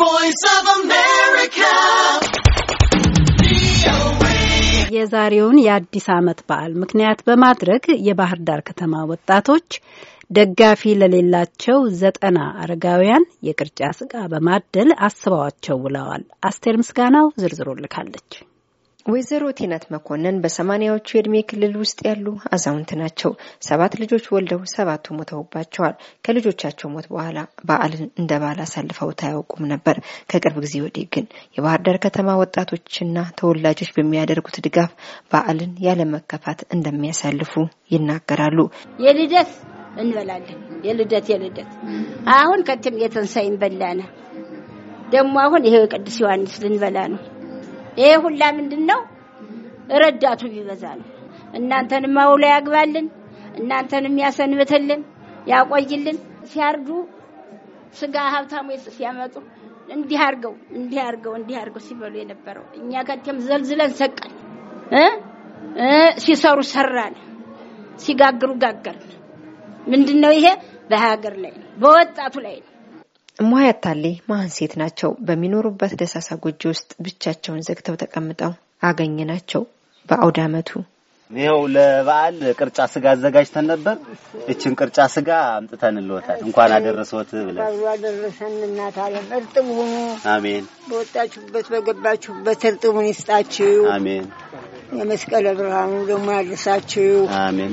voice የዛሬውን የአዲስ አመት በዓል ምክንያት በማድረግ የባህር ዳር ከተማ ወጣቶች ደጋፊ ለሌላቸው ዘጠና አረጋውያን የቅርጫ ስጋ በማደል አስበዋቸው ውለዋል። አስቴር ምስጋናው ዝርዝሩ ልካለች። ወይዘሮ ቴነት መኮንን በሰማኒያዎቹ የእድሜ ክልል ውስጥ ያሉ አዛውንት ናቸው። ሰባት ልጆች ወልደው ሰባቱ ሞተውባቸዋል። ከልጆቻቸው ሞት በኋላ በዓልን እንደ በዓል አሳልፈው አያውቁም ነበር። ከቅርብ ጊዜ ወዲህ ግን የባህር ዳር ከተማ ወጣቶችና ተወላጆች በሚያደርጉት ድጋፍ በዓልን ያለመከፋት እንደሚያሳልፉ ይናገራሉ። የልደት እንበላለን። የልደት የልደት አሁን ከትም እንበላ በላነ ደግሞ አሁን ይሄው የቅዱስ ዮሐንስ ልንበላ ነው ይሄ ሁላ ምንድን ነው? ረዳቱ ቢበዛ ነው። እናንተንም አውሎ ያግባልን፣ እናንተንም ያሰንብትልን፣ ያቆይልን። ሲያርዱ ስጋ ሀብታሙ ሲያመጡ እንዲህ አርገው እንዲህ አርገው እንዲህ አርገው ሲበሉ የነበረው እኛ ከቴም ዘልዝለን ሰቀል እ ሲሰሩ ሰራን፣ ሲጋግሩ ጋገርን። ምንድነው ይሄ? በሀገር ላይ ነው፣ በወጣቱ ላይ ነው። ሙሀያታሌ ሴት ናቸው። በሚኖሩበት ደሳሳ ጎጆ ውስጥ ብቻቸውን ዘግተው ተቀምጠው አገኘ ናቸው። በአውደ አመቱ ይኸው ለበዓል ቅርጫ ስጋ አዘጋጅተን ነበር። እችን ቅርጫ ስጋ አምጥተን ልወታል። እንኳን አደረሰዎት ብለን አደረሰን። እናት እርጥብ ሁኑ፣ አሜን። በወጣችሁበት በገባችሁበት እርጥቡን ይስጣችሁ፣ አሜን። የመስቀለ ብርሃኑ ደግሞ ያድርሳችሁ፣ አሜን።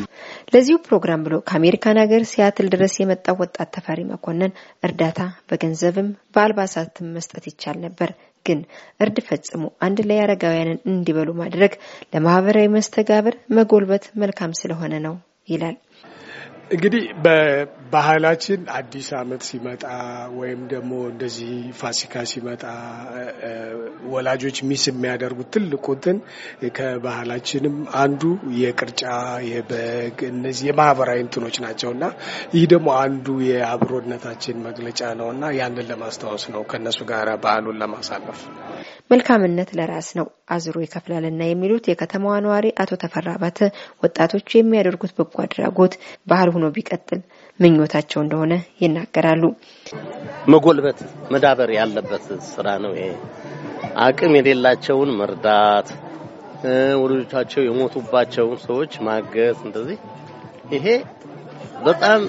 ለዚሁ ፕሮግራም ብሎ ከአሜሪካን ሀገር ሲያትል ድረስ የመጣው ወጣት ተፈሪ መኮንን እርዳታ በገንዘብም በአልባሳትም መስጠት ይቻል ነበር ግን እርድ ፈጽሞ አንድ ላይ አረጋውያንን እንዲበሉ ማድረግ ለማህበራዊ መስተጋብር መጎልበት መልካም ስለሆነ ነው ይላል። እንግዲህ በባህላችን አዲስ ዓመት ሲመጣ ወይም ደግሞ እንደዚህ ፋሲካ ሲመጣ ወላጆች ሚስ የሚያደርጉት ትልቁ እንትን ከባህላችንም አንዱ የቅርጫ የበግ እነዚህ የማህበራዊ እንትኖች ናቸው እና ይህ ደግሞ አንዱ የአብሮነታችን መግለጫ ነው እና ያንን ለማስታወስ ነው ከእነሱ ጋር ባህሉን ለማሳለፍ መልካምነት ለራስ ነው። አዝሮ ይከፍላልና የሚሉት የከተማዋ ነዋሪ አቶ ተፈራ ባተ ወጣቶቹ የሚያደርጉት በጎ አድራጎት ባህል ሆኖ ቢቀጥል ምኞታቸው እንደሆነ ይናገራሉ። መጎልበት መዳበር ያለበት ስራ ነው ይሄ። አቅም የሌላቸውን መርዳት፣ ወላጆቻቸው የሞቱባቸውን ሰዎች ማገዝ፣ እንደዚህ ይሄ በጣም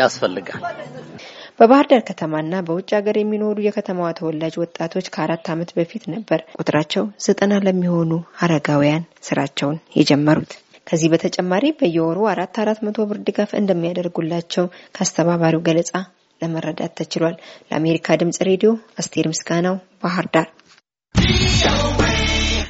ያስፈልጋል። በባህር ዳር ከተማና በውጭ ሀገር የሚኖሩ የከተማዋ ተወላጅ ወጣቶች ከአራት ዓመት በፊት ነበር ቁጥራቸው ዘጠና ለሚሆኑ አረጋውያን ስራቸውን የጀመሩት። ከዚህ በተጨማሪ በየወሩ አራት አራት መቶ ብር ድጋፍ እንደሚያደርጉላቸው ከአስተባባሪው ገለጻ ለመረዳት ተችሏል። ለአሜሪካ ድምጽ ሬዲዮ አስቴር ምስጋናው ባህር ዳር